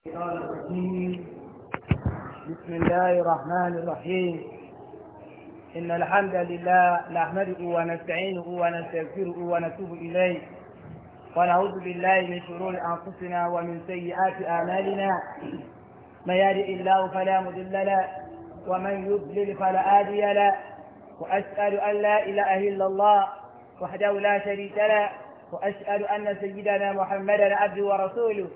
بسم الله الرحمن الرحيم إن الحمد لله نحمده ونستعينه ونستغفره ونتوب إليه ونعوذ بالله من شرور أنفسنا ومن سيئات أعمالنا من يهده الله فلا مضل له ومن يضلل فلا هادي له وأشهد أن لا إله إلا الله وحده لا شريك له وأشهد أن سيدنا محمدا عبده ورسوله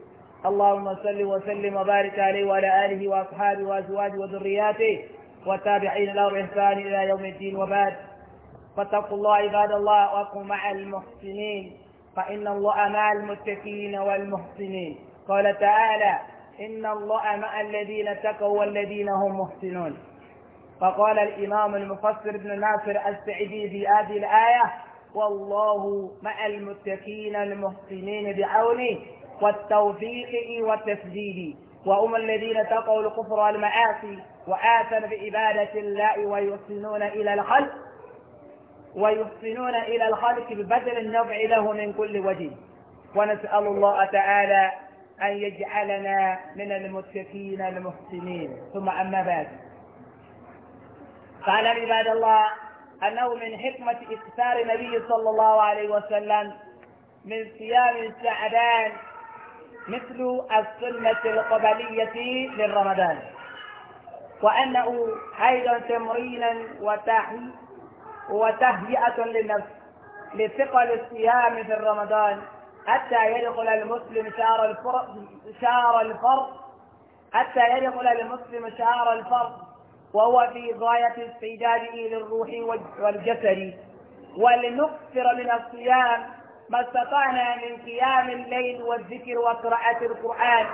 اللهم صل وسلم وبارك عليه وعلى آله وأصحابه وأزواجه وذرياته والتابعين له بإحسان إلى يوم الدين وبعد فاتقوا الله عباد الله وكونوا مع المحسنين فإن الله مع المتقين والمحسنين قال تعالى إن الله مع الذين اتقوا والذين هم محسنون فقال الإمام المفسر بن ناصر السعدي في هذه الآية والله مع المتقين المحسنين بعونه والتوفيق والتسديد وهم الذين اتقوا الكفر والمعاصي وآثم بعبادة الله ويحسنون إلى الخلق ويحسنون إلى الخلق ببذل النفع له من كل وجه ونسأل الله تعالى أن يجعلنا من المتقين المحسنين ثم أما بعد قال عباد الله أنه من حكمة إكثار النبي صلى الله عليه وسلم من صيام شعبان مثل السنة القبلية للرمضان وأنه أيضا تمرينا وتحي وتهيئة للنفس لثقل الصيام في رمضان حتى يدخل المسلم شهر الفرق شهر الفرق حتى يدخل المسلم شهر الفرق وهو في غاية استعداده للروح والجسد ولنكثر من الصيام ما استطعنا من قيام الليل والذكر وقراءة القرآن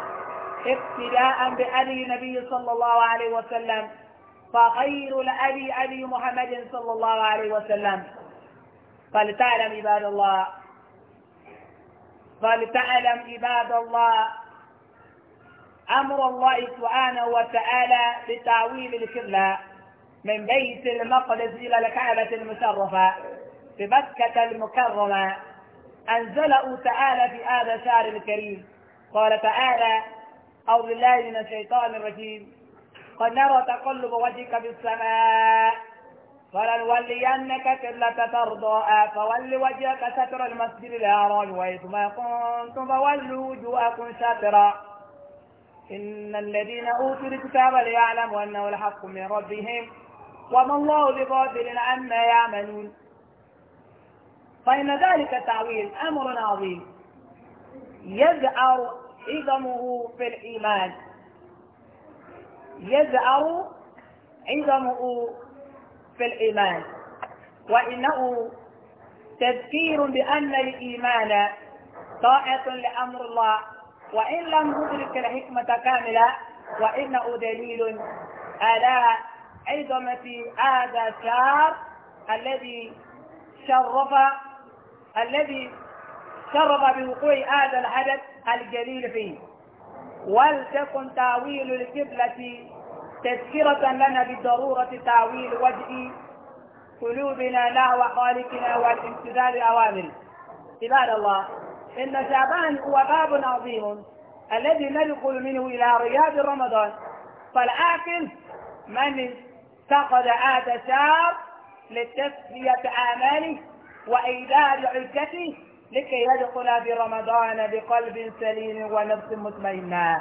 ابتداء بأبي نبي صلى الله عليه وسلم فخير لأبي أبي محمد صلى الله عليه وسلم فلتعلم عباد الله فلتعلم عباد الله أمر الله سبحانه وتعالى بتعويل الكلى من بيت المقدس إلى الكعبة المشرفة بمكة المكرمة أنزله تعالى في هذا الشعر الكريم قال تعالى أعوذ بالله من الشيطان الرجيم قد نرى تقلب وجهك في السماء فلنولينك كبلة ترضى فول وجهك ستر المسجد الحرام وحيث ما كنتم فولوا وجوهكم شاطرا إن الذين أوتوا الكتاب ليعلموا أنه الحق من ربهم وما الله بغافل عما يعملون فإن ذلك التعويل أمر عظيم يزعر عظمه في الإيمان يزعر عظمه في الإيمان وإنه تذكير بأن الإيمان طاعة لأمر الله وإن لم ندرك الحكمة كاملة وإنه دليل على عظمة هذا الشهر الذي شرف الذي شرب بوقوع هذا الحدث الجليل فيه ولتكن تاويل القبلة تذكرة لنا بالضرورة تاويل وجه قلوبنا نحو خالقنا والامتثال أوامره عباد الله إن شعبان هو باب عظيم الذي ندخل منه إلى رياض رمضان فالاكل من اتخذ هذا الشهر لتسلية أعماله وإيداء لعدته لكي يدخل برمضان بقلب سليم ونفس مطمئنة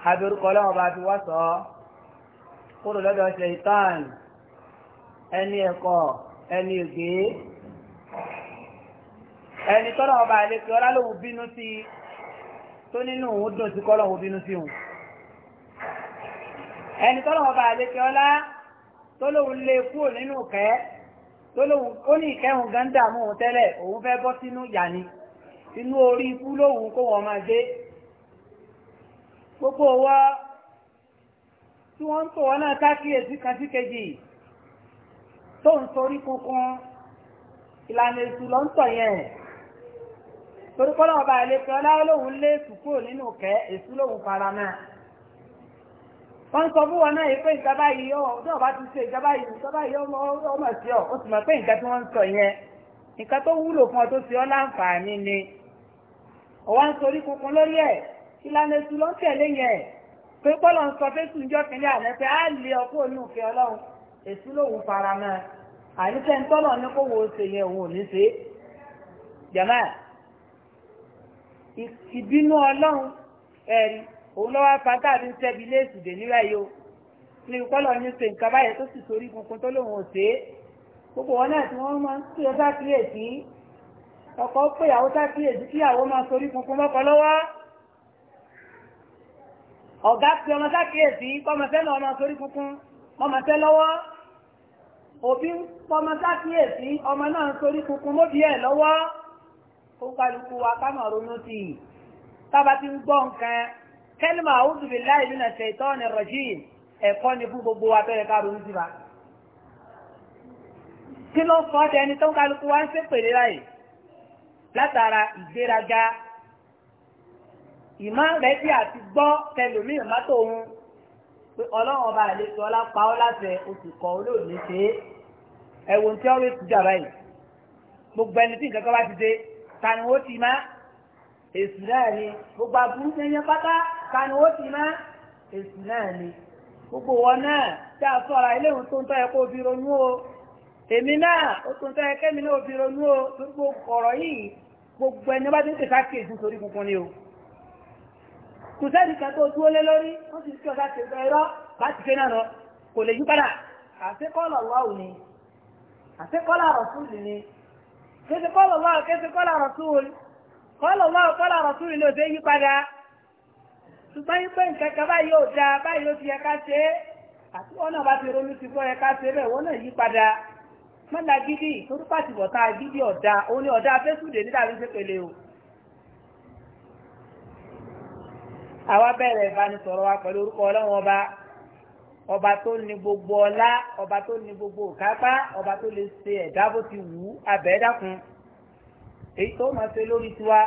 حبر قلوب أبي وصى قل لدى شيطان أن يقى أن يجي ẹni tọ́lọ̀ ọba àlejò ọlá lòun bínú sí i tó nínú òun dùn sí kọ́lọ̀ òun bínú sí òun ẹni tọ́lọ̀ ọba àlejò ọlá tó lòun lè kúrò nínú kẹ́ẹ́ tó lóhun ó ní ìkẹ́hùn gándà mú òun tẹ́lẹ̀ òun fẹ́ bọ́ sínú ìyà ni inú orí ikú lóhun kó wọn máa dé gbogbo wa tí wọ́n ń tò wọ́n náà kákíyèsí kan sí kejì tó ń torí kunkun ìlànà èsù lọ ń tọ̀ yẹn torí kọ́lọ́ ọba àlejò ọlá lóhun lé èsù nínú kẹ́ èsù lóhun fara náà wọ́n sọ fún wọn náà yìí pé ìjọba yìí ọ̀ tí ọba ti ṣe ìjọba yìí ìjọba yìí ọmọ ọmọ sí ọ o sì mọ̀ pé nǹkan tí wọ́n ń sọ yẹn nǹkan tó wúlò fún ọ tó ṣe ọ láǹfààní ni ọwọ́ ń sorí kunkun lórí ẹ̀ ìlànà ètò ló ń tẹ̀lé yẹn pé bọ́lọ̀ ń sọ fésù ńjọ́ kínní àná pé á lé ọkọ òun òfin ọlọ́run èsù lòun fara mọ́ àníṣe ń tọ́lọ̀ ní kó wo ṣe yẹn òun ò ẹ̀rí òun lọ́wọ́ fata ní sẹ́bi léèsì dè nílẹ̀ yìí o ní ìkọlọ̀ ní ṣe nǹkan báyẹn tó sì torí kunkun tó lòun ò ṣe é gbogbo wọn náà tí wọ́n máa ń pè ọ́ sákìyèsí ọkọ pé ìyàwó sákìyèsí kí ìyàwó máa torí kunkun mọ́kọ lọ́wọ́ ọ̀gá pé ọmọ sákìyèsí kọ́mọṣẹ́ náà máa torí kunkun mọ́mọṣẹ́ lọ́wọ́ òbí pọmọ sákìyèsí ọmọ náà ń torí kunkun mọ́bí ẹ̀ lọ́wọ́ ó kálukú wa ká máa ronú sí i tábà ti ń gbọ́ nǹkan kẹ́lìmọ̀ àwùjù bí láì nínú ẹ̀sẹ̀ ìtọ́ni rọ̀jìn ẹ̀kọ́ ni fún gbogbo abẹ́rẹ́ kárò ní síba. kí ló fọ́ ọ́ dẹni tó ń kálukú wá ń ṣépèlé láì látara ìgbéraga ìmọ̀ rẹ̀ bí àti gbọ́ tẹlòmí ìmọ̀tò òun pé ọlọ́run ọba àlejò ọlá pa ọ́ láṣẹ oṣù kan olóòní ṣe é ẹ̀wọ̀n tí ọ̀rẹ́ ti jà báyìí gbogbo ẹni tí nǹkan kan bá ti dé ta ni wọ́n ti máa Esu náà gbogbo àbúrú ní pátá ká ó ti gbogbo wọn náà tí a sọ̀rọ̀ iléhùn tó ń tọ́ yẹ kó ronú o èmi náà ó tó ń tọ́ yẹ kẹ́mi náà fi ronú o gbogbo ọ̀rọ̀ yìí gbogbo ẹni bá ti ń tẹ̀sà funfun o kò sẹ́ni kan tó dúró lé lórí wọ́n ti ẹ̀rọ bá ti fẹ́ náà kò lè yí padà àṣekọ́lọ̀ kọ́lọ̀ wá ọ̀pọ̀lọ̀ ọ̀rọ̀ tún ilé òde yí padà ṣùgbọ́n yín pé nǹkan kan báyìí ò dáa báyìí ó ti yẹ ká ṣe é àti wọn náà bá ti ronú ti gbọ́ yẹ ká ṣe bẹ́ẹ̀ wọn náà yí padà mọ́lá gidi torí pàtìbọ̀ tá a gidi ọ̀dà òun ni ọ̀dà fẹ́sùdè nígbà tó ṣe pẹ̀lẹ́ o. àwa bẹ̀rẹ̀ ìbánisọ̀rọ̀ wa pẹ̀lú orúkọ ọlọ́run ọba ọba tó ní gbogbo ọlá ọba tó ní gbogbo òkápá ọba tó lè ṣe ẹ̀dá bó ti wù ú abẹ́ẹ́dàkùn èyí tó máa ṣe lórí tiwa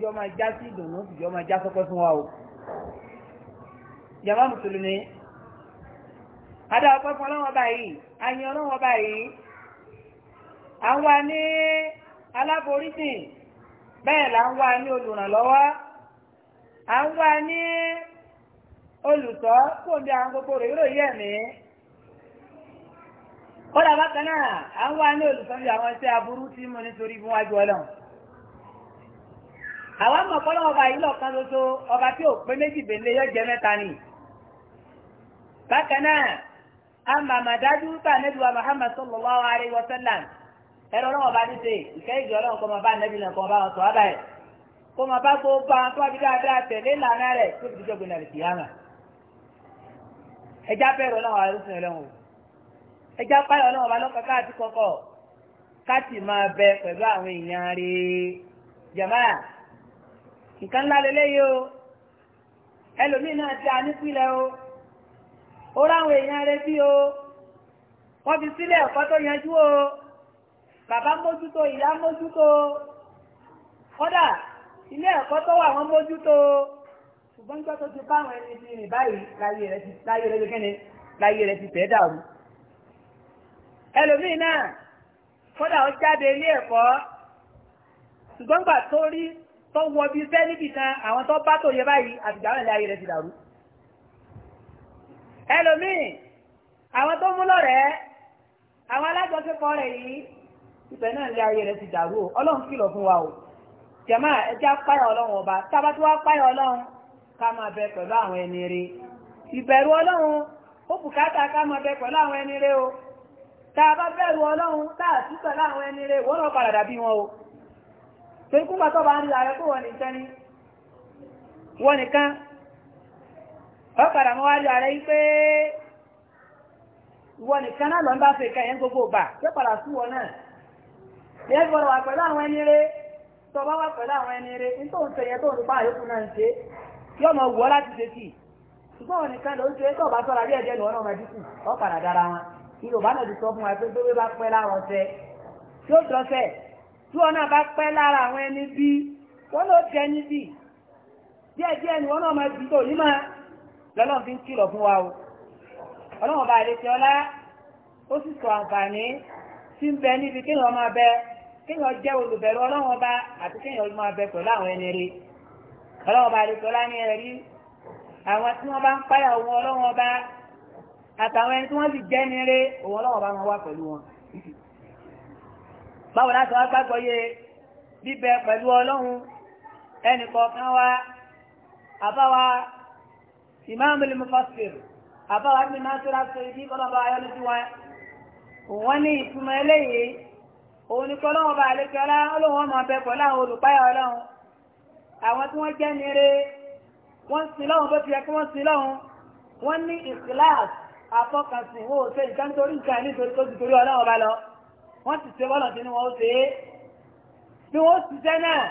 yọ máa já sí ìdùnnú yọ máa já sọpẹ́ fún wa o jàmá mùsùlùmí adá ọpẹ́ fún ọlọ́wọ́n báyìí àyìn ọlọ́wọ́n báyìí à ń wá ní aláborísìn bẹ́ẹ̀ là ń wá ní olùrànlọ́wọ́ à ń wá ní olùtọ́ kò ní àwọn gbogbo rẹ̀ yóò yẹ̀ mí kódà bákan náà à ń wá ní olùtọ́ bí àwọn iṣẹ́ aburú tí mo nítorí fún wájú ọlọ́run àwa mọ̀ fọ́lọ́ ọba yìí lọ́kan lóso ọba tí ò pé méjì bèlè yọ jẹ mẹ́ta ni bákan náà a mà mà dájú nẹ́bí wa Muhammad sallallahu alaihi wa sallam ẹ̀rọ náà ọba ní ṣe ìkẹ́ ìjọ náà kọ́ máa bá nẹ́bí náà kọ́ máa bá wọn sọ ọ́bà ẹ̀ kọ́ máa bá gbogbo àwọn tó wà bí dáadáa tẹ̀lé ìlànà rẹ̀ tó ti jọ gbìnà lìkì yàmà ẹja bẹ̀rù náà wà lóṣù nǹkan ńlá lélẹ́yìí o ẹlòmíì náà ti ànípìlẹ̀ o ó ráwọn èèyàn rẹ bí o wọ́n fi sílẹ̀ ọ̀kọ́ tó yanjú o bàbá mójútó ìyá mójútó kódà ilé ẹ̀kọ́ tó wà wọ́n mójútó ṣùgbọ́n nígbà tó ti báwọn ẹni ti rìn báyìí láyé rẹ̀ ti láyé rẹ̀ kẹ́ni láyé rẹ̀ ti fẹ́ dàrú. ẹlòmíì náà kódà ó jáde ilé ẹ̀kọ́ ṣùgbọ́n gbà tó rí tó wọ bí fẹ́ níbì kan àwọn tó bá tó yẹ báyìí àtìgbàwọn ilé ayé rẹ̀ ti dàrú ẹlòmíì àwọn tó mú lọ́rẹ̀ẹ́ àwọn alájọṣepọ̀ rẹ̀ yìí ibẹ̀ náà ilé ayé rẹ̀ ti dàrú o ọlọ́run kìlọ̀ fún wa o jẹ̀má ẹjẹ́ apáyà ọlọ́run ọba tábà tó ọlọ́run ká máa bẹ pẹ̀lú àwọn ẹni rẹ̀ ìbẹ̀rù ọlọ́run ó bùkátà ká máa bẹ pẹ̀lú àwọn ẹni rẹ̀ o tá a bá bẹ̀rù ọlọ́run tá a sí pẹ̀lú àwọn ẹni rẹ̀ wọ́n lọ padà dàbí wọn o torí kúgbà tó bá ń la ni nìkan ọ padà mọ́ wá rí ààrẹ yìí pé nìkan náà lọ ń bá fẹ́ ìka yẹn gbogbo gbà tó padà sí wọn náà gbọ́dọ̀ wà pẹ̀lú àwọn ẹni rẹ tó bá wà pẹ̀lú àwọn ẹni rẹ ní tó ń ṣe tó ń àyókù náà ń ṣe wọ́ láti ṣe ṣùgbọ́n wọn nìkan ló ń ṣe tó bá sọ́ra bí ẹ̀jẹ̀ náà máa ọ tí wọ́n náà bá pẹ́ lára àwọn ẹni bí wọ́n ló jẹ́ ní bí díẹ̀díẹ̀ ni wọ́n náà máa bí tó yí máa lọ́lọ́n fi ń kìlọ̀ fún wa o ọlọ́wọ́n bá lè fi ọlá ó sì sọ àǹfààní tí ń bẹ níbi kéèyàn máa bẹ kéèyàn jẹ́ olùbẹ̀rù ọlọ́wọ́n bá àti kéèyàn máa bẹ pẹ̀lú àwọn ẹni rí ọlọ́wọ́n bá lè fi ọlá ní ẹ̀rí àwọn tí wọ́n bá ń páyà òun ọlọ́wọ́n bá àtàwọn ẹni tí wọ́n sì jẹ́ ní rí òun ọlọ́wọ́n bá máa wà pẹ̀lú wọn báwo láti wá gbàgbọ́ yé bíbẹ pẹ̀lú ọlọ́run ẹnìkọ̀ọ̀kan wa àbáwa ìmáàmùlì mufassir àbáwa bí násìrà sọ ibi kọ́lọ́ba ayọ́lójú wa wọ́n ní ìtumọ̀ eléyìí òun ni kọ́lọ́wọ́ bá àlejò ọlá ọlọ́run ọmọ ọbẹ̀ pọ̀ láwọn olùpáyà ọlọ́run àwọn tí wọ́n jẹ́ nire wọ́n sin lọ́hun bó ti yẹ kí wọ́n sin lọ́hun wọ́n ní ìsìláàsì àfọkànsìn wo ṣe ìkántorí wọ́n ti ṣe bọ́lọ̀ tí ni wọ́n ṣe é bí wọ́n ṣiṣẹ́ náà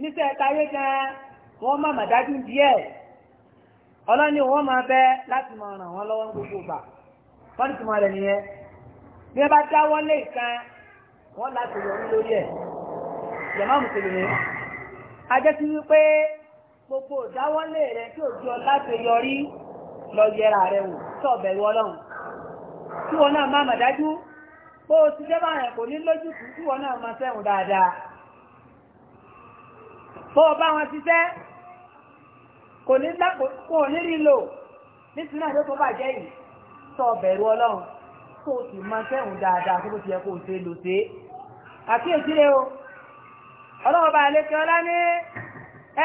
níṣẹ́ ẹ̀káyé gan wọ́n má mà dájú díẹ̀ ọlọ́ni wọ́n máa bẹ́ láti máa ràn wọ́n lọ́wọ́ gbogbo gbà wọ́n ti mọ̀ rẹ̀ nìyẹn bí wọ́n bá wọ́n láti lórí ẹ̀ yàmá mùsùlùmí bó o ti jẹ́bà yẹn kò ní lójútùú tí wọ́n náà máa sẹ́hùn dáadáa bó o bá wọn ṣiṣẹ́ kò ní lápò ní lílò nítorí náà ló tó bàjẹ́ yìí sọ bẹ̀rù ọlọ́run kó o sì máa sẹ́hùn dáadáa kó o ti yẹ kó o ṣe lò ṣe àkíyèsí rẹ o ọlọ́run bá lè kí ọlá ní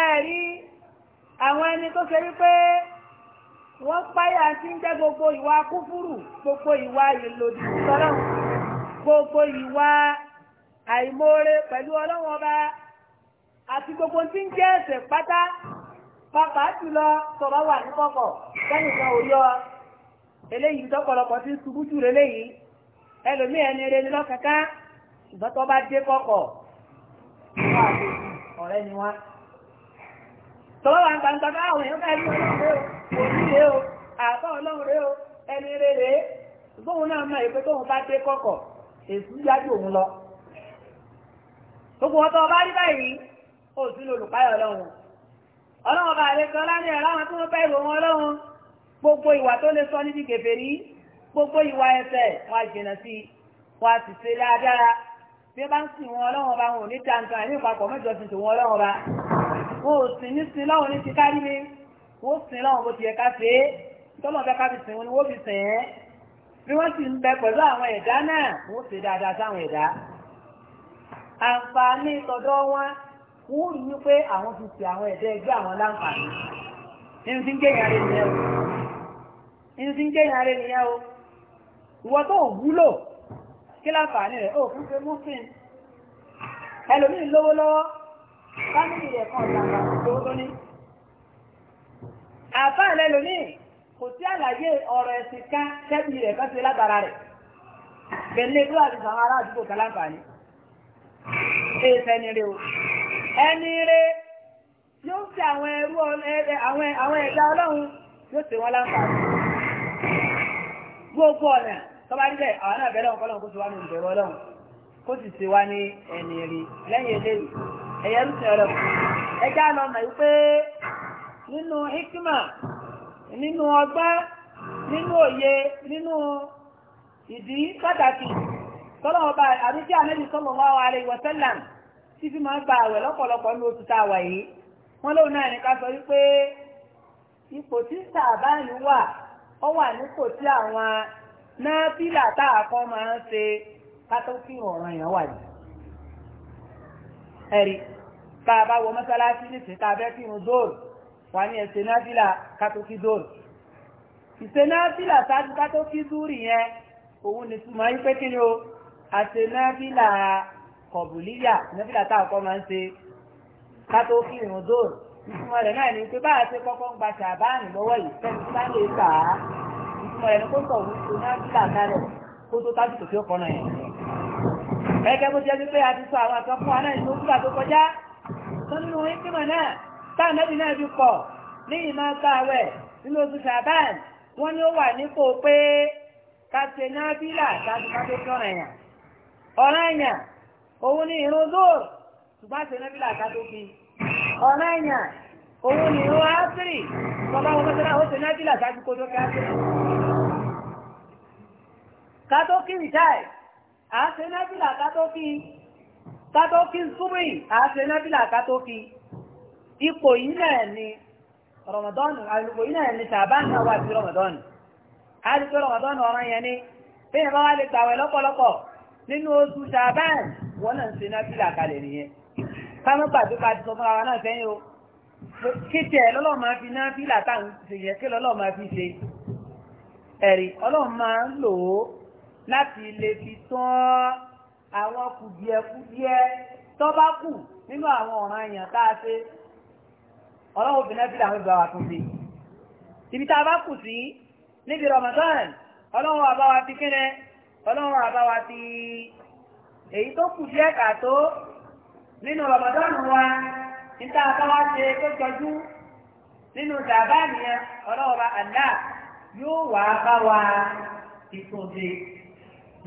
ẹ̀rí àwọn ẹni tó ṣe wípé wọ́n páyà sí ń jẹ́ gbogbo ìwà kúfúrù gbogbo ìwà ìlòdì sọ́lọ́run gbogbo ìwà àìmoore pẹ̀lú ọlọ́wọ́n ọba àti gbogbo tí ń jẹ́ ẹ̀ṣẹ̀ pátá pàpà jùlọ tọ̀bá wà ní kọ̀kọ̀ sẹ́yìn kan ò yọ eléyìí tọ́pọ̀lọpọ̀ tí ṣubú jù lélẹ́yìí ẹlòmíì ẹni eré ni lọ́kàká ṣùgbọ́n tó bá dé kọ̀kọ̀ wà ọ̀rẹ́ ni wá. tọ́wọ́ wà ń gbangba bá àwọn èèyàn báyìí ọlọ́run rẹ o òbí rẹ o àbá ọlọ́run rẹ o ẹni rere bóun náà mọ èpè tóun bá dé kọ̀kọ̀ èsì òun lọ gbogbo ọtọ ọba rí báyìí ó sì ní olùpáyọ ọlọ́run ọlọ́run ọba àlejò ọlá ẹ̀rọ àwọn tí wọ́n bẹ̀rù wọn ọlọ́run gbogbo ìwà tó lè sọ níbi kèfèrí gbogbo ìwà ẹ̀ṣẹ̀ wọn jìnnà sí i wọn sì ṣe dáadáa bí wọ́n bá ń sìn wọn ọlọ́run ọba wọn ò ní tàǹtà ní ìpapọ̀ mẹ́jọ sì tò wọn ọlọ́run ọba wọn ò sì ní sin lọ́wọ́ ní ti kárí mi wọ́n sin lọ́wọ́ bó ti yẹ ká ṣe é tọ́lọ́ bí wọ́n sì ń bẹ pẹ̀lú àwọn ẹ̀dá náà wọ́n ṣe dáadáa sáwọn ẹ̀dá àǹfààní tọ̀dọ̀ wọn wọ́n rí wípé àwọn ti àwọn ẹ̀dá ẹgbẹ́ àwọn láǹfààní ní lówó lọ́wọ́ fámìlì rẹ̀ kan ọ̀sán àgbà tó ní àfáà lẹ́lòmíì kò sí àlàyé ọ̀rọ̀ ẹ̀sìn kan tẹ́bi rẹ̀ kan látara rẹ̀ pẹ̀lú ẹgbẹ́ àti àwọn ará àdúgbò kan láǹfààní ni o ẹni yóò fi àwọn ẹrú àwọn ẹ̀dá ọlọ́run yóò ṣe wọn láǹfààní gbogbo ọ̀nà nínú ọgbọ́n nínú òye nínú ìdí pàtàkì tọ́lọ́wọ́ bá àbí tí ànábì sallallahu tí fi máa gba àwẹ̀ lọ́pọ̀lọpọ̀ ní oṣù tá yìí wọ́n sọ wípé ipò tí sàbáàlì wà ó wà nípò tí àwọn náfìlà tá máa ń ṣe kátó ọ̀ràn yẹn wà yìí. ẹ̀rí wọ wà ní ẹ̀sẹ̀ náfìlà kátókí dóòrù ìṣe náfìlà sáájú kátókí dúrì yẹn òun ni túmọ̀ yí pé kí ni o àṣẹ náfìlà kọ̀bùlíyà náfìlà tá máa ń ṣe kátókí ìrùn dóòrù ìtumọ̀ rẹ̀ náà ni pé bá a ṣe kọ́kọ́ ń gba ṣàbáàrùn lọ́wọ́ yìí fẹ́ni tí bá lè gbà á ìtumọ̀ rẹ̀ ni kó sọ̀rọ̀ a ti sọ àwọn àkàn fún wa náà ìṣòwò tó kọjá tó nínú ìpínlẹ̀ náà táàmẹ́bì náà fi pọ̀ ní ìmọ̀ káwẹ̀ nínú oṣù sàbáàn wọ́n ní ó wà nípò pé kàṣẹ náà bílà láti ká tó fi ọ̀ràn yàn ọ̀ràn yàn òun ni ìrún zoro ṣùgbọ́n àṣẹ náà bílà ká tó fi ọ̀ràn yàn òun ni ìrún áfírì bọ́lá wọn mọ́tẹ́lá ó ṣe náà bílà ṣáájú kó tó fi áfírì ká àṣẹ náà bílà ká tó fi súnmì àṣẹ náà bílà ká tó ipò yìí náà ni rọmọdọ́nù àlùkò yìí náà ni sàbá náà wà sí rọmọdọ́nù àlùkò rọmọdọ́nù ọ̀ràn yẹn ni bí ìyẹn bá wà lè gbàwẹ̀ lọ́pọ̀lọpọ̀ nínú oṣù sàbá wọn náà ń ṣe náà fìlà kalẹ̀ nìyẹn káwọn pàtó ká ti sọ fún ara náà sẹ́yìn o kéde ẹ̀ lọ́lọ́ máa fi náà fìlà tá à ń àwọn kùdìẹ̀kùdìẹ tó nínú àwọn ọ̀ràn èèyàn tá a ṣe ọlọ́run òfin náà fi làwọn ìgbà wa tún sí ibi tá a bá kù sí níbi Ramadan ọlọ́run àbá wa fi kíni ọlọ́run àbá wa fi èyí tó kù sí ẹ̀ka tó nínú Ramadan wa níta bá wa ṣe tó jọjú nínú dàbá nìyẹn ọlọ́run bá àdá yóò wà bá wa ìtúnṣe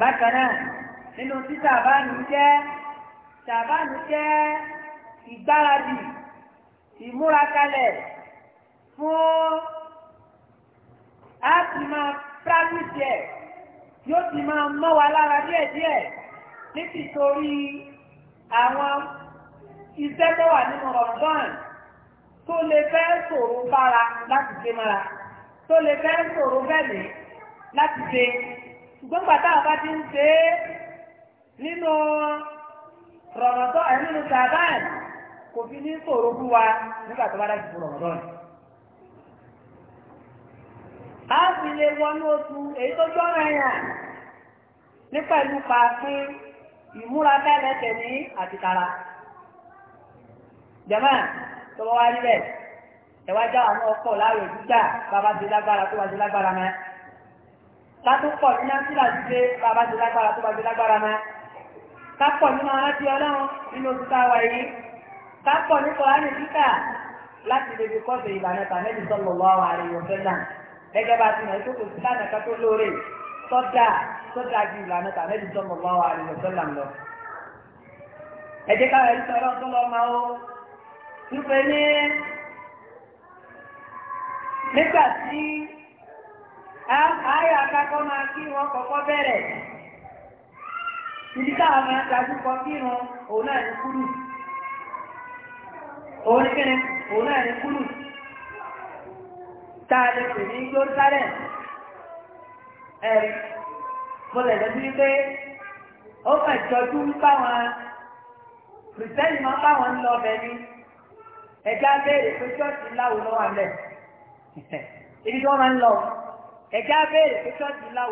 bákan náà nínú tí tàbá jẹ́ ìgbáradì ìmúrakalẹ̀ fún àti máa pírátìsì ẹ̀ yóò ti máa mọ́ wa lára díẹ̀díẹ̀ nítorí àwọn iṣẹ́ tó wà nínú Ramadan tó lè fẹ́ ṣòro bára láti ṣe mára tó lè fẹ́ ṣòro bẹ́ẹ̀ni láti ṣe ṣùgbọ́n pàtó àwọn bá ti ń ṣe é nínú Ramadan ẹ̀ nínú sàbáàlì kò fi ní sòro fún wa nígbà tó bá dá ìfúrọ̀ ọ̀dọ́ rẹ̀. a sì lè wọnú oṣù èyí tó jọ́ra yàn ní pẹ̀lú pàápín ìmúra tẹ́lẹ̀ tẹ̀mí àti tara. jẹ̀mọ́ tó bá wá níbẹ̀ ẹ wá já àwọn ọkọ̀ láàrọ̀ jíjà bàbá ti lágbára tó bá ti lágbára mẹ́. látúpọ̀ ní nàìjíríà ti dé bàbá ti lágbára tó bá ti lágbára mẹ́. kápọ̀ nínú aráàlú ọlọ́run nínú oṣù táwa yìí kápọ̀ ní kọ́ránì kíkà láti lè fi kọ́sẹ̀ ìlànà tàmẹ́lì sọ́lọ̀ lọ́wọ́ àrẹ̀yìn ọ̀fẹ́ náà gẹ́gẹ́ bá ti mọ̀ ẹ́ tó kò sí lánàá kan tó lóore sọ́dà sọ́dà ju ìlànà tàmẹ́lì sọ́lọ̀ lọ́wọ́ àrẹ̀yìn ọ̀fẹ́ náà lọ. ẹ jẹ́ káwọn ẹ̀rí sọ̀rọ̀ tó lọ́ máa ó wípé ní nígbà tí ayọ̀ akákọ́ máa kí wọn kọ́kọ́ bẹ̀rẹ̀ ìdí táwọn máa ń òun ní kíni òun náà ní kúlù tá a lè pè ní yorùsálẹ̀ ẹ̀ mo lè lọ́sí pé ó kàn jọjú báwọn kìrìsìtẹ́nì máa ń báwọn lọ ọbẹ̀ ni ẹ̀já béèrè pé ṣọ́ọ̀ṣì láwo lọ́wọ́ àlẹ́ ibi tí ń lọ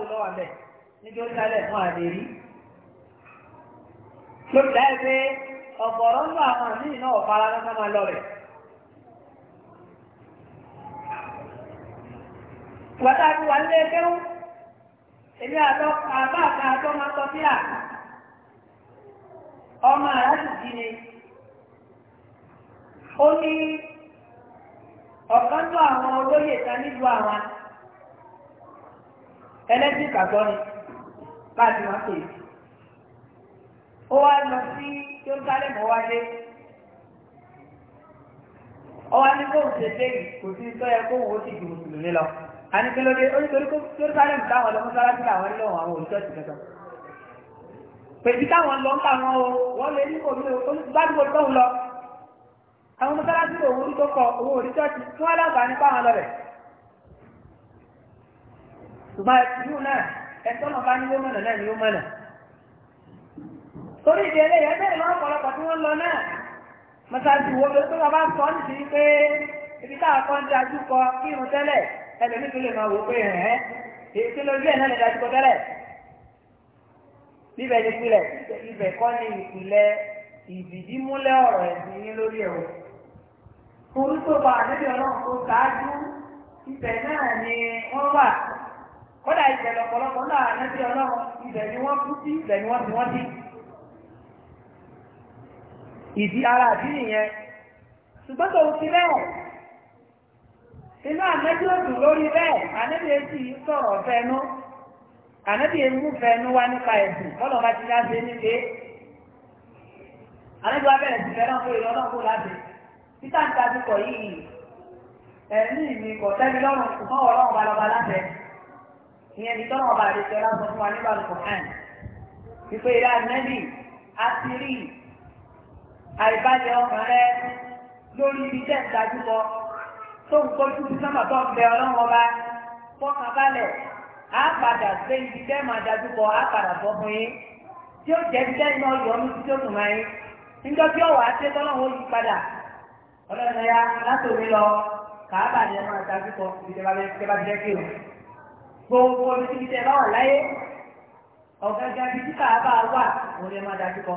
fún àlè rí lóbi pé. ọ̀pọ̀rọ̀ ń bá àwọn ìlú iná ọ̀fara máa lọ rẹ̀. wà nílé èmi àbá máa tọ́ sí ọmọ ni ó ní olóyè ta nílùú àwọn Jerusalem wáyé ọwọ́ ní kóhùn ṣe pé kò sí tó yẹ kóhùn ó sì ju mùsùlùmí lọ àníkélódé onítorí kó Jerusalem táwọn lọ mọ́sálásí làwọn nílò àwọn olùtọ́sí kankan pèsè táwọn lọ ń káwọn o wọ́n lè ní omi olùgbàdúgbò tó ń lọ àwọn mọ́sálásí òwò orí tó kọ owó orí tọ́sí tí wọ́n lágbà nípa àwọn lọ rẹ̀ ṣùgbọ́n ẹ̀sìn náà ẹ̀sọ́nà bá torí ìdí ẹlẹ́yẹ bẹ́ẹ̀ lọ́wọ́ ọ̀pọ̀lọpọ̀ tí wọ́n lọ náà mọ̀sáàtì wo ló tó wà bá sọ ní sí pé ibi táwọn kan di ajúkọ kí irun tẹ́lẹ̀ ẹlòmí tó lè máa wò pé ẹ̀ ẹ́ èyí tó lójú ẹ̀ náà lè di ajúkọ tẹ́lẹ̀ bíbẹ̀ ni ìpìlẹ̀ ibẹ̀ kọ́ ni ìpìlẹ̀ ìdìdímúlẹ̀ ọ̀rọ̀ ẹ̀sìn yín lórí ẹ̀rọ orúkọ bá àdébí ọlọ́run tó ṣáájú ibẹ̀ náà ni wọ́n wà kódà ibẹ̀ lọ̀pọ̀lọpọ̀ náà àdébí ọlọ́run ibẹ̀ ni wọ́n kú ìdí ara àdí nìyẹn ṣùgbọ́n tòun ti bẹ́ẹ̀ inú ànábì òdùn lórí bẹ́ẹ̀ ànábì èsì sọ̀rọ̀ fẹnu ànábì èmú fẹnu wá nípa ẹ̀sìn kọ́lọ̀ bá ti ní àṣẹ nílé ànábì wa bẹ̀rẹ̀ sí fẹ́ràn kó ìlọ́nà kó láti títà ń tajú kọ̀ yìí ẹ̀mí mi kò tẹ́mi lọ́rùn kò mọ́ ọ̀rọ̀ ọba lọ́ba láfẹ́ ìyẹn ní tọ́nà ọba àdéjọ lásán fún wa nígbà lùkọ̀ àìbálẹ̀ ọkàn rẹ lórí ibi tẹ̀ ń tó ń kọjú sí sábà tó ń bẹ ọlọ́run ọba fọkàn balẹ̀ á padà sí ibi tẹ́ máa á padà bọ́ fún yín tí ó jẹ́ ó máa yín níjọ́ tí tọ́lọ́run ó yí padà ọlọ́run ya lọ ẹ máa bá o gbogbo ibi tẹ́ bá wà láyé ọ̀gángan ibi tí wà òun ni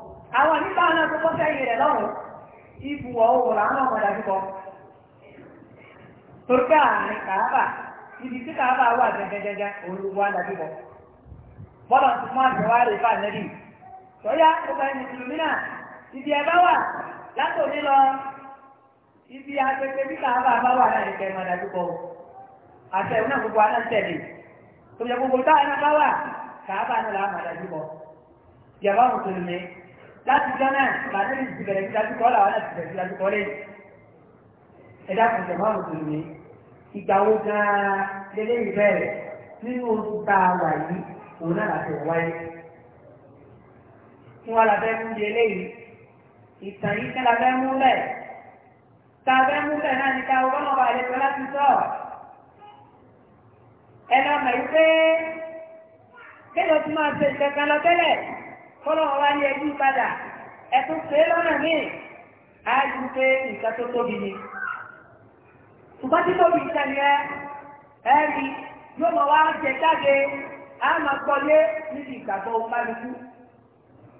àwọn nípa náà tó kọ́ sẹ́yìn rẹ̀ lọ́rùn ibùwọ̀ òwò làwọn ọmọ dájú a torí àárín kàábà ibi tí kàábà wà jẹjẹjẹjẹ olùwà dájú bọ́lá ti mú àjọwá rẹ̀ fà nẹ́bí tọ́yá gbogbo ẹni mùsùlùmí ibi lọ ibi agbègbè kàábà bá wà náà gbogbo gbogbo táwọn bá wà kàábà náà làá láti jọ náà làdé ní ti bẹ̀rẹ̀ sílájú kọ́ làwọn náà ti bẹ̀rẹ̀ sílájú kọ́ lé ẹ̀dá kan jẹ̀ máa wùdù mí ìgbà wo gan-an lélẹ́ ìbẹ̀rẹ̀ nínú oṣù tá a wà yìí òun náà láti wáyé fún wa làbẹ́ mú di eléyìí ìtàn yìí tẹ́ làbẹ́ mú lẹ̀ tá a bẹ́ mú náà ní ká ọgbọ́n ọba àlejò láti sọ̀ ẹ lọ yìí pé kéèyàn ti máa ṣe ìtẹ̀kan kọ́lọ́wọ́ wá ní ẹbí padà ẹ̀tún pé lọ́nà míì á pé nǹkan tó tóbi ni. ṣùgbọ́n tí tóbi nǹkan yẹn ẹ yóò mọ̀ wá gbọ́lé níbi ìgbàgbọ́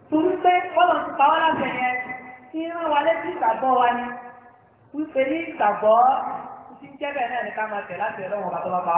torí pé kọ́lọ̀ ti pa lábẹ́ yẹn wọ́n wá ìgbàgbọ́ wa ni wípé ní ní ká máa tẹ̀ láti ẹ̀rọ wọn bàtọ́ bàbá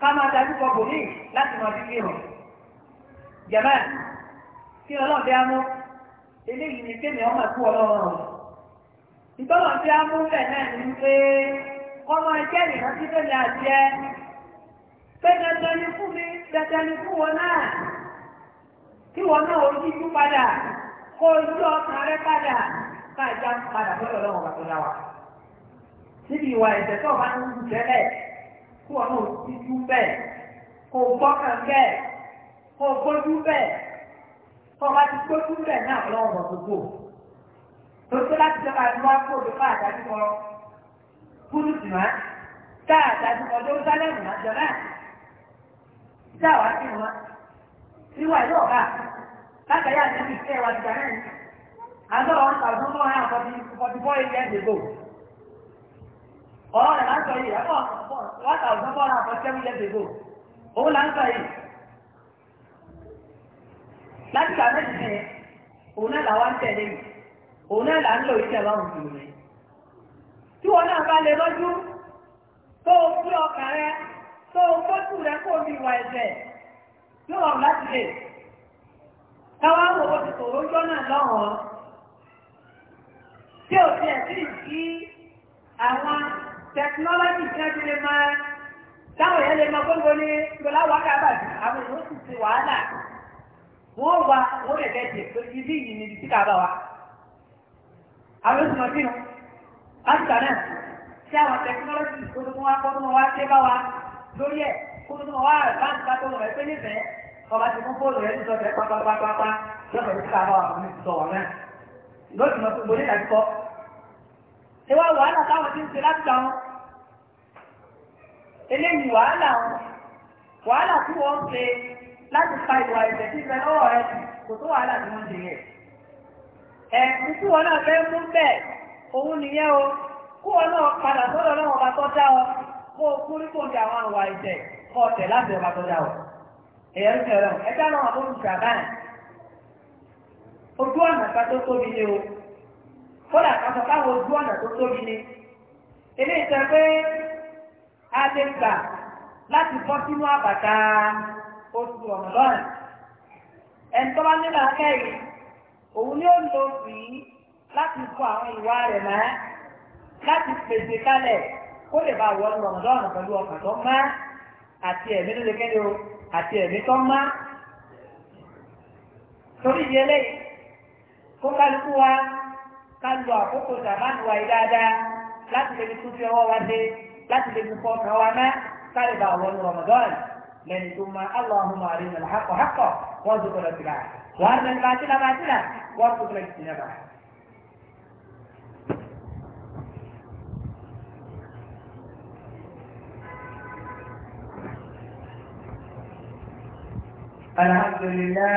ká máa dájú kọ bòmí láti máa fífi hàn jàmbá kí ọlọ́ọ̀dẹ á mú eléyìí ni kémi ọmọ ẹ̀kú ọlọ́run hàn ìtọ́lọ̀ tí á mú bẹ̀ náà ni pé ọmọ ẹ̀jẹ̀ nìkan tí fẹ́mi àti ẹ pé dandan ni fún mi dandan ni fún wọn náà kí wọn náà ó yí tú padà kó o yí ọkàn rẹ padà ká ìjà padà bọ́lọ̀ lọ́wọ́ bàtọ́ dáwà níbi ìwà ẹ̀jẹ̀ tó o bá ń jẹ́lẹ̀ kó wọn náà tijú bẹ́ẹ̀ kó gbọ́kàn bẹ́ẹ̀ kó gbójú bẹ́ẹ̀ kó bá ti gbójú bẹ́ẹ̀ náà lọ́wọ́ wọn gbogbo. lóṣù láti jọba àdúrà kó o lè fà àdájú kọ kúrú sí wa tá àdájú kọ ló ń sálẹ̀mù náà jọ náà tá àwa sí wọn síwá yóò bá látàrí àti ìfẹ́ wa ti gbà náà ní. àlọ́ wọn tàbí wọn náà forty four years ago. ọ̀rọ̀ na láńsọ yìí ẹ̀kọ́ one thousand four hundred and years ago òun láńsọ ihe láti kà méjì sí i òun náà làwọn ń tẹ̀lé yìí òun náà là ń lò ìṣẹ̀ báwọn òṣèlú rẹ̀ tí wọn náà bá lè lọ́jú tó o fi ọkàn rẹ tó o fọ́tù rẹ kó o fi ìwà ẹ̀ṣẹ̀ yóò rọrùn láti lè káwá wo o ti jọ náà lọ́wọ́ tí o àwọn tẹkinọ́lọ́jì kẹ́jú lè máa táwọn èèyàn lè máa gbogbo ní gbọ́lá wákà àbàdì àwọn èèyàn sì ti wàhálà wọ́n wá wọ́n lè bẹ́ẹ̀ pé ibi yìí ni ibi tí wa. àwọn oṣù mọ̀ sínú pásítọ̀ náà tí àwọn tẹkinọ́lọ́jì kótópó wá kótópó wá ṣe bá wa lórí ẹ̀ kótópó wá báńkì ká tó lọ rẹ̀ ọba ti mú fóònù rẹ̀ nítorí ọ̀fẹ́ pápápápá lọ́sọ̀ tí kà wa fún mi sọ̀rọ̀ náà lóṣù mọ̀ sí mo ní ìdájọ́ ẹ wá wàhálà táwọn ti ń ṣe láti eléyìí wàhálà wọn wàhálà tí wọ́n ṣe láti pa ìwà ẹ̀ṣẹ̀ tí ìfẹ́ lọ́wọ́ rẹ kò tó wàhálà tí wọ́n ṣe yẹn. ẹ̀sùn tí wọn náà fẹ́ mú bẹ́ẹ̀ òun nìyẹn o kó wọn náà padà sọ́dọ̀ náà wọn bá tọ́ dá ọ kó o kú ṣe gbà láti bọ́ sínú àbàtà oṣù ọ̀nàlọ́rùn ẹni tó bá nílò akẹ́yìn òun ni ó lo sí láti kó àwọn ìwà rẹ̀ mọ́ láti pèsè kalẹ̀ kó lè bá wọ́n lọ́nà pẹ̀lú ọkàn tó má àti ẹ̀mí ló lè kéde o àti ẹ̀mí tó má torí ìdí eléyìí kó kálukú wa ká lo àkókò sàmánù wa yìí dáadáa láti lè fi tún fi ọwọ́ wa dé. láti lè fún fọkàn wa ná sáré bá wọnú Ramadan lẹ́yìn tó máa aláhùnmá rí nà lákọ̀ hákọ̀ wọ́n tó gbọdọ̀ tìlà wọ́n á nà bàtìlà bàtìlà wọ́n tó gbọdọ̀ tìlà bá. الحمد لله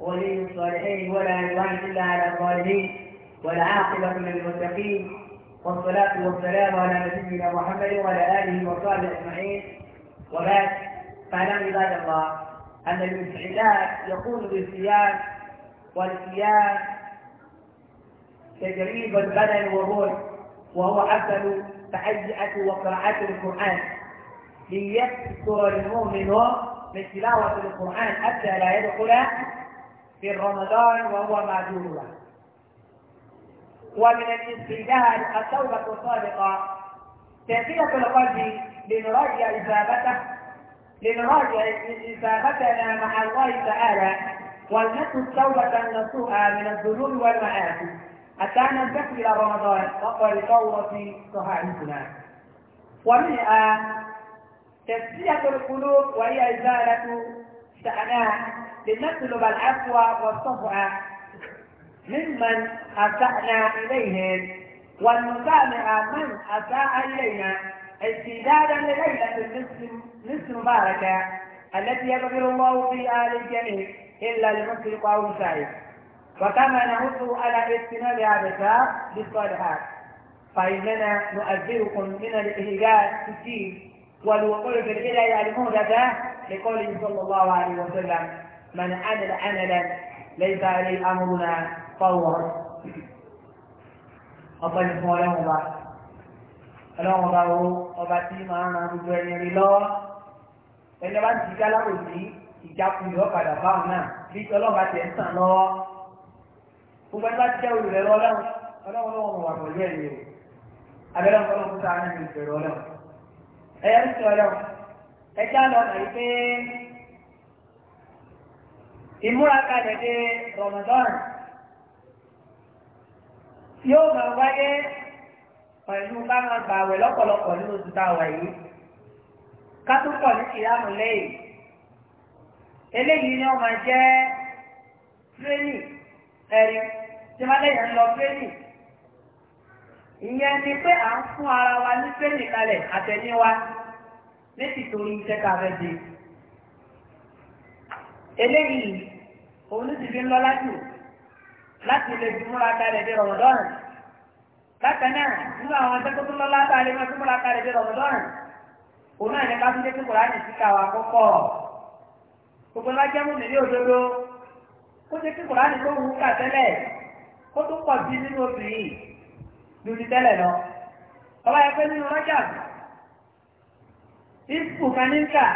ولي الصالحين ولا عدوان الا على الظالمين والعاقبه للمتقين والصلاة والسلام على نبينا محمد وعلى آله وصحبه أجمعين وبعد فاعلم عباد الله أن الانفعالات يكون بالصيام والصيام تجريب البدن والروح وهو أفضل تهيئة وقراءة القرآن ليكثر المؤمن من تلاوة القرآن حتى لا يدخل في رمضان وهو معذور له ومن الاستجهال التوبة الصادقة تزكية القلب لنراجع إجابته لنراجع إجابتنا مع الله تعالى ولنترك توبة نصوحة من الذنوب والمعاصي حتى ننتقل إلى رمضان وقد طورت صحائفنا ومنها تسلية القلوب وهي إزالة شأنها لنطلب العفو والصفع ممن أسأنا إليهم والمسامع من أساء إلينا استعدادا لليلة النصف مباركة التي يغفر الله فيها للجميع إلا لمشرق أو المشاهد وكما نعود على اجتناب هذا الشهر بالصالحات فإننا نؤذركم من الإهجاء في الدين والوقوع في البدع المهدفة لقوله صلى الله عليه وسلم من عمل عملا ليس عليه أمرنا fáwọn ọgbẹ́ni fún ọlọ́run ọba ọlọ́run ọba wo ọba tí máa ń ran gbogbo ẹni rí lọ́wọ́ ẹni ọba ti ká láwòsí ìjákulẹ̀ ọ̀padà báwọn náà bí ọlọ́run bá tẹ̀ ń tàn lọ́wọ́ gbogbo ẹni bá ti jẹ́ olùrẹ̀ ọlọ́run ọlọ́run ọlọ́run wà pẹ̀lú ẹ̀yẹ o abẹ́rẹ́ ọlọ́run tó sáà nínú ìbẹ̀rù ọlọ́run ẹ̀yẹ ń sọ ọlọ́run ẹjá lọ nàí pé ìmúra kalẹ̀ dé rọ̀mọ̀dọ́rùn yóò máa wáyé pẹ̀lú ká máa gbà wẹ̀ lọ́pọ̀lọpọ̀ nínú oṣù tá a wà yìí ká tún pọ̀ ní ìyáàmù lẹ́yìn eléyìí ni wọ́n máa jẹ́ tírénì ẹ̀rí tí wọ́n lẹ́yìn lọ tírénì ìyẹn ni pé à ń fún ara wa ní tírénì kalẹ̀ àtẹ̀níwa ní tìtorí iṣẹ́ ká fẹ́ di eléyìí òun ló ti fi ń lọ lájú láti lè fi múra kalẹ̀ dé Ramadan bákan náà nínú àwọn ọjọ́ tó tún lọ́lá tá máa fi múra kalẹ̀ dé Ramadan òun náà ní ká tún dé kí Kùránì síkà wà kọ́kọ́ gbogbo ńlá jẹ́ múni ní òdodo kó dé kí Kùránì tó wù kà tẹ́lẹ̀ kó tó pọ̀ sí nínú obìnrin lórí tẹ́lẹ̀ lọ ọba yẹ pé nínú rọ́jà ìsùn kan níta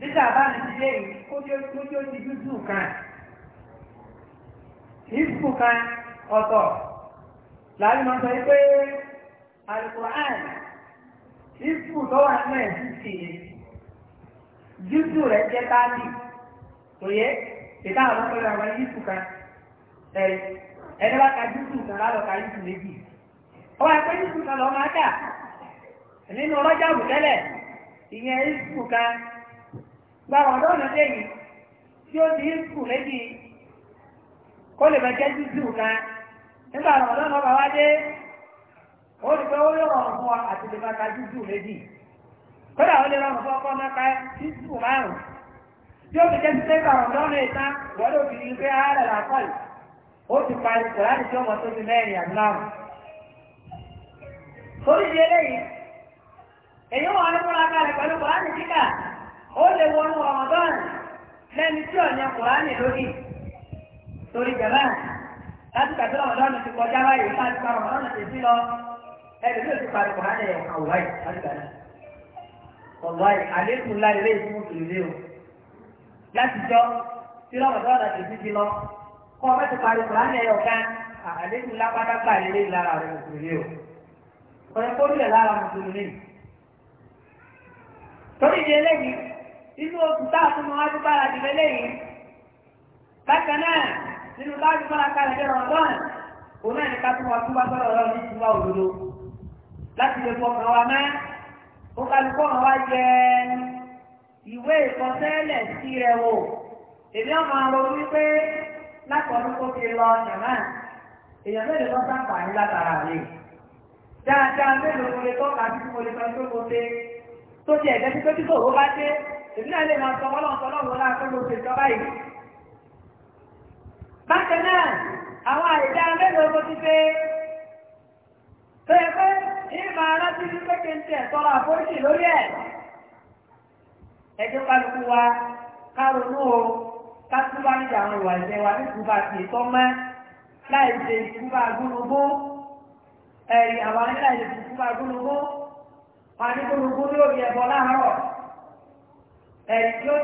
níta bá mi ti dé yìí kó tí kan. ìsìnkú ka ọ̀tọ̀ láti máa sọ pé alukur'an ìsìnkú tó wà rẹ̀ jẹ́ táàbì ìta àwọn ọmọ ẹni bá ka júùsù kan lálọ́ ka ìsìnkú méjì ọwọ́ ẹ̀pẹ́ ìsìnkú kan lọ́ máa dà nínú ọlọ́jà òbútẹ́lẹ̀ ìyẹn gbàgbọ́dọ̀ ọ̀nà tẹ̀yìn tí ó ti méjì. kó lè máa jẹ́ jújù kan nígbà rọ̀mọ̀dán náà bàbá dé ó rí pé ó yọ̀ fún wa àti lè máa ka jújù méjì ó lè rọrùn fún ọkọ ka jújù márùn tí ó fi jẹ́ sílé ìgbà rọ̀mọ̀dán náà wọ́n ló fi pé ààrẹ làkọ́lì ó ti parí kò láti tí tó ti mẹ́rin eléyìí èyí wọn ní múra torí jẹ̀mẹ́ láti kàtó lọ́wọ́ lọ́nà ti kọjá báyìí láti kọ́ ọmọ lọ́nà ti sí lọ ẹ̀rù yóò ti parí kọ̀ọ̀hán ẹ̀yọ̀ kan wáyé láti kàtó. ọ̀wáyé àlékún láì lé ìfún ìlé o láti jọ sí lọ́wọ́ lọ́nà ti sí lọ kọ́ ọmọ ti parí kọ̀ọ̀hán ẹ̀yọ̀ kan àlékún lápátápá ìlé lára rẹ̀ mùsùlùmí o. ọ̀rẹ́ kórìlẹ̀ lára mùsùlùmí. torí ìdí eléyìí inú oṣù táà tún mọ́ wájú bára dìbẹ́lẹ́yìn bákan náà nínú báyìí fọ́nà kalẹ̀ ní rọ̀mọ́dọ́n òun náà ní ká tún wa tún bá sọ̀rọ̀ ọ̀rọ̀ ní ìtura òdodo láti lè fọkàn wa mẹ́ ó kálukọ́ wọn wá jẹ ìwé ìkọsẹ́lẹ̀ sí rẹ̀ wò èmi ọmọ àwọn orí pé látọ̀ọ́dún tó ti lọ yàrá èèyàn mélòó lọ sáǹpà ní látara rẹ̀ dáadáa mélòó mo lè tọ́ka sí mo lè sọ pé mo ṣe tó ti ẹ̀jẹ̀ sí pé títò owó bá dé èmi náà lè máa sọ ọlọ́run sọlọ́run ọlá pé mo ṣe ìjọba yìí bákan náà àwọn àìdá mélòó mo ti ní pété ń lórí ẹ̀ ẹjọ́ kálukú wa o àwọn ìwà ìṣẹ́ wa tí ìtọ́ mọ́ láì ṣe ìkúbà gúnugú ẹ̀yìn àwọn anílà ìṣe ìkúbà gúnugú ní gúnugú yóò yẹ láàárọ̀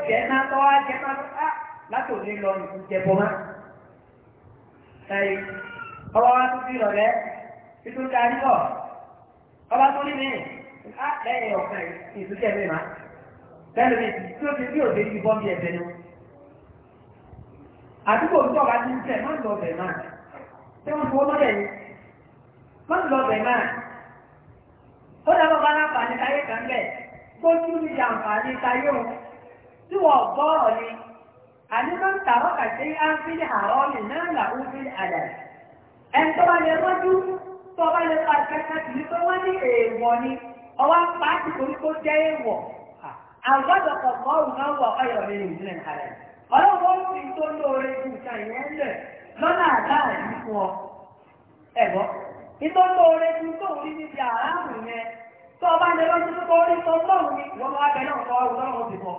jẹ́ náà jẹ́ náà látòlé lọ máa. ẹ̀yìn ọba wa tún fi rọ̀lẹ́ títún ta níbọ̀ ọba tó ní mìíràn lẹ́yìn ọ̀kan ìtúkẹ́ mi ó ti bá láǹfààní táyé kan bẹ̀ kó tún ní àǹfààní táyé òun tí wọ́n gbọ́ ọ̀rọ̀ ni àníkàn tààrọ̀ kàṣẹ áfíìlì àárọ̀ ní náà làwọn fi àdá ẹni tó bá lè rọ́jú tó bá lè pa kẹta kì í pé wọ́n ní èèwọ̀ ni ọwọ́ pàtì koríko jẹ́ èèwọ̀ àgbàdo kọ̀ọ̀kan òun náà wọ ọyọ̀ nínú ìdílé ààrẹ ọlọ́wọ́ fi tó lóore ju ìtàn ìyẹn lẹ̀ lọ́nà àdáàrí fún ọ ẹ̀gbọ́ ìtọ́ lóore ju tóun rí níbi àrámù yẹn tó ọba lè rọ́jú tó kọ́ tó lọ́rùn ni wọ́n wá bẹ náà kọ́ ọ̀rùn lọ́rùn ti bọ̀.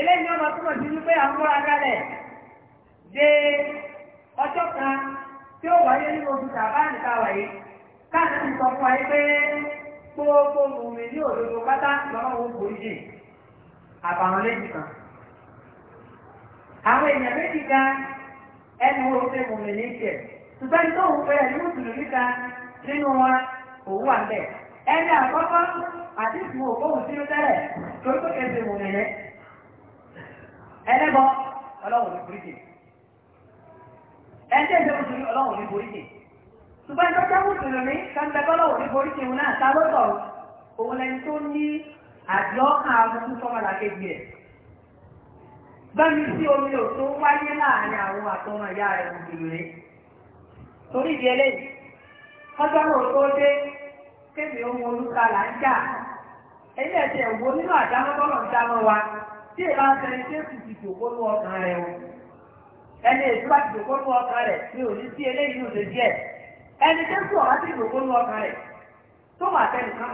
eléyìí ọmọ túmọ̀ sí wípé à ń múra kalẹ̀ ọjọ́ kan tí ó wáyé ní oṣù sàbáàlì ta wáyé káàdì sọ fún pé gbogbo mùmí ní òdodo pátá lọ́wọ́ wọn kò yé àbàwọn lẹ́yìn kan. àwọn èèyàn méjì kan ẹnu wo mùmí ní ṣùgbọ́n tó ń fẹ́ ẹ̀yìn mùsùlùmí nínú wọn wà bẹ́ẹ̀ ẹni àkọ́kọ́ òkòwò sínú tẹ́lẹ̀ tó tó kẹsẹ̀ mùmí ẹlẹ́bọ ọlọ́run ní bíríkì ẹjẹ́ ìjọba ìṣòro ní bíríkì ṣùgbọ́n ẹjọ́ jẹ́ mùsùlùmí kẹ́ńtẹ́kọ́ ọlọ́run ní bíríkì òun náà sábọ́ òun lẹni tó ní àjọkàn amúkú sọ́mọ́lá kejì ẹ̀ bẹ́ẹ̀ni tí omi ò tó wáyé láàrin àwọn ìyá rẹ̀ torí ìdí tó dé kébì olúkalà ń jà ẹ̀yìn ẹ̀sẹ̀ tí ìbá ń sẹ́ni tí èsì ti dòkó ní ọkàn rẹ̀ o ẹni èsì bá ti dòkó ní ọkàn rẹ̀ ni ò ní sí eléyìí ní òde díẹ̀ ẹni tí wà bá ń jà yọ báyìí sáré ọ̀pá o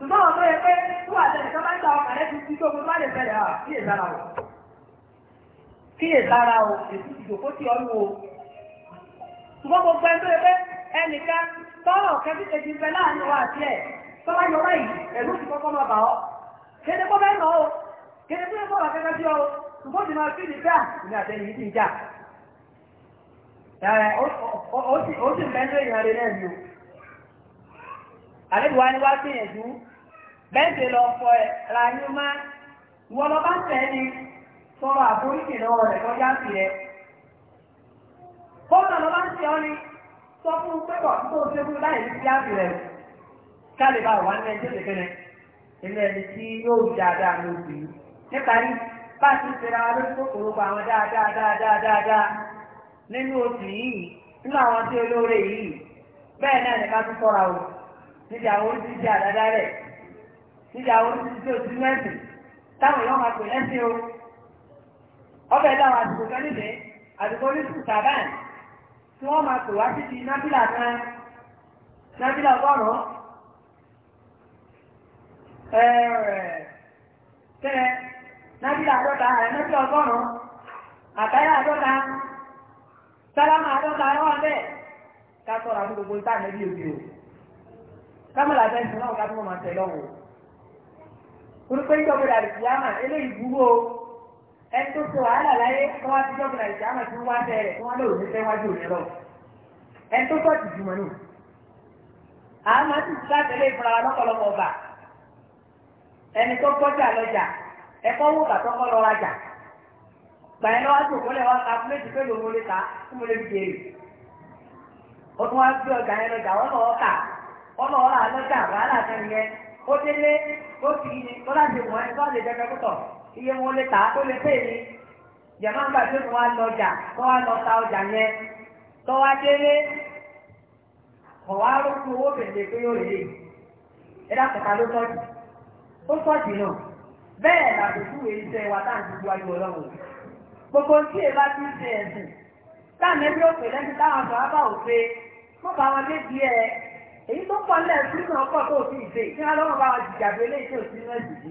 ṣùgbọ́n ọ̀tọ́ yẹ pé tó wà bá ń jà ọkàn rẹ̀ ti ti dòkó ti tọ́rọ̀ kẹ́kíkẹ́ ti bẹ láàrin wa àti ẹ̀ tọ́lá yọrọ yìí ẹ̀rú ti kọ́kọ́ máa bà ọ́ kéde kó bẹ́ẹ̀ nà ó kéde ọ máa fi ní yìí ti ń jà ó sì bẹ́ẹ̀ o ni wá bẹ́ẹ̀ ṣe lọ fọ ẹ̀ ra lọ bá tẹ̀ ni sọ̀rọ̀ àforíkì sọ fún un pẹ́pọ̀ tó ṣe fún láì ní kíláàsì kálí bá wà nílẹ̀ ilé ẹni tí yóò di dáadáa yìí bá a ti ṣera nínú oṣù yìí nínú àwọn tí olóore yìí bẹ́ẹ̀ náà ní ká tún o àdáda rẹ̀ oṣù táwọn máa pè lẹ́sìn o ọbẹ̀ dáwọn tí wọ́n máa pè wá títí nábìlà kan nábìlà ọgọ́rùn-ún tẹ́ nábìlà àádọ́ta nábìlà ọgọ́rùn-ún àtàyà àádọ́ta sálámà àádọ́ta ẹwà bẹ́ẹ̀ ká àti gbogbo ìta nẹ́bí òbí o náà ẹni tó a wàhálà láyé tó wá ti jọ́gbìnà ìjà àmọ̀ tí wá tẹ́ rẹ̀ tí wọ́n ní tẹ́wájú òní lọ. ẹni tó ti jùmọ̀ nù. àmọ́ ti ti látẹ̀lé ìfúnra wa ọba. ẹni tó kọjá bàtọ́ kọ́ lọ rajà. gbàyẹn lọ́wọ́ tó kọ́lẹ̀ wá ká fún méjì iye wọn lè tà tó lè pè ní jẹ̀mọ́gbà tó wá lọ ọjà tó wá lọ ta ọjà yẹn tó wá délé ọ̀wá rókun owó bèèrè pé yóò lè ẹ dákọ̀ta ló tọ́jú ó tọ́jú náà bẹ́ẹ̀ làbùkù èyí tẹ́ wa táà ń dúdú ayé ọlọ́run gbogbo tí èbá ti ń ṣe ẹ̀sìn táàmì ẹbí ó pè lẹ́sìn táwọn ọ̀dọ́ ábà ò pé wọ́n bá wọn débi ẹ èyí tó pọ̀ lẹ́ẹ̀sìn náà pọ̀ tó òfin ìṣe ìṣẹ́ lọ́wọ́ bá wọn jìjà bí eléyìí tó sí náà jìjì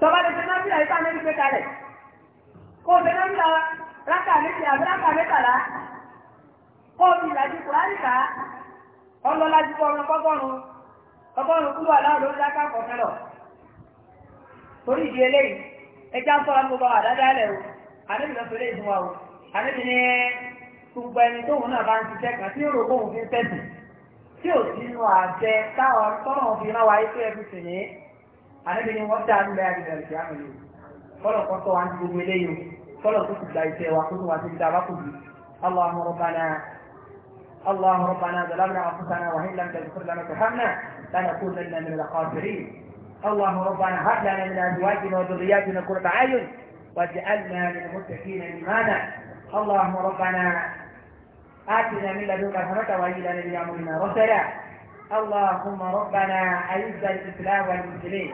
tọ́ba lè ṣe ike bí àyíká náà o ṣe náà ń lọ rákà méjì àbí o fi ìlàjì kùránì ká ọlọ́lájú ọ̀run kọ́gọ́rùn ọgọ́rùn kúrò aláwọ̀ lórí rákà kọ̀ọ̀kan lọ. torí ìdí eléyìí ẹja ń sọ́ra gbogbo àdáda o ni wọ́n dáa nílẹ̀ àgbẹ̀dẹ̀ àti àmì kọ́lọ̀ kan tó wà gbogbo eléyìí kọ́lọ̀ tó ti gba ìfẹ́ wa kó tó wà اللهم ربنا اللهم ربنا ظلمنا انفسنا وان لم تغفر لنا وترحمنا لنكونن من الخاسرين اللهم ربنا هب لنا من ازواجنا وذرياتنا قرة اعين واجعلنا للمتقين ايمانا. اللهم ربنا اتنا من لدنك رحمه وإلى من امرنا رشدا اللهم ربنا اعز الاسلام والمسلمين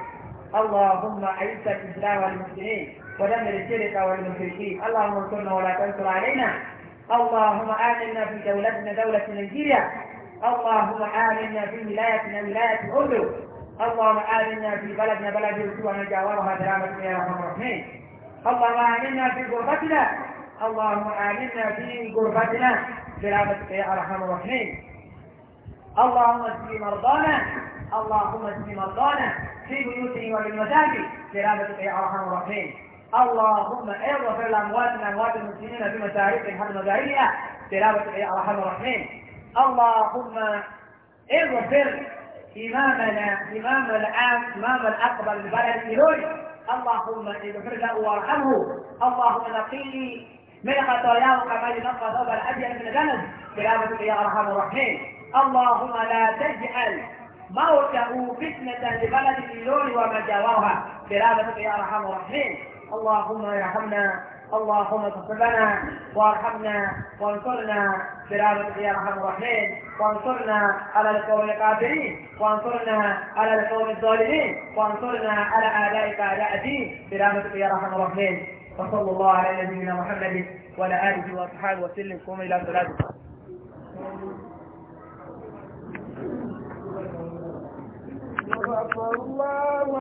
اللهم أعز الإسلام والمسلمين ودمر الشرك والمشركين اللهم انصرنا ولا تنصر علينا اللهم آمنا في دولتنا دولة نيجيريا اللهم آمنا في ولايتنا ولاية الأردن اللهم آمنا في بلدنا بلد يسوع نجاورها برحمتك يا أرحم الراحمين اللهم آمنا في غربتنا اللهم آمنا في غربتنا برحمتك يا أرحم الراحمين اللهم اشف مرضانا اللهم اسم مرضانا في بيوتهم وبالمساجد برحمتك يا ارحم الراحمين اللهم اغفر لامواتنا اموات المسلمين في مسارقهم حتى مزاريها برحمتك يا ارحم الراحمين اللهم اغفر إمامنا إمام الان إمام الاقبل البلد إلوي اللهم اغفر له وارحمه اللهم نقيني من خطاياه كما ينقى ثوب الأبيض من الجنة برحمتك يا أرحم الراحمين اللهم لا تجعل موته فتنة لبلد الإيلون وما جاواها برحمتك يا أرحم الراحمين اللهم ارحمنا اللهم تصبنا لنا وارحمنا وانصرنا برحمتك يا ارحم الراحمين وانصرنا على القوم القادرين وانصرنا على القوم الظالمين وانصرنا على آلائك على أدين برحمتك يا ارحم الراحمين وصلى الله على نبينا محمد وعلى اله وصحبه وسلم قوم الى ثلاثة غفر الله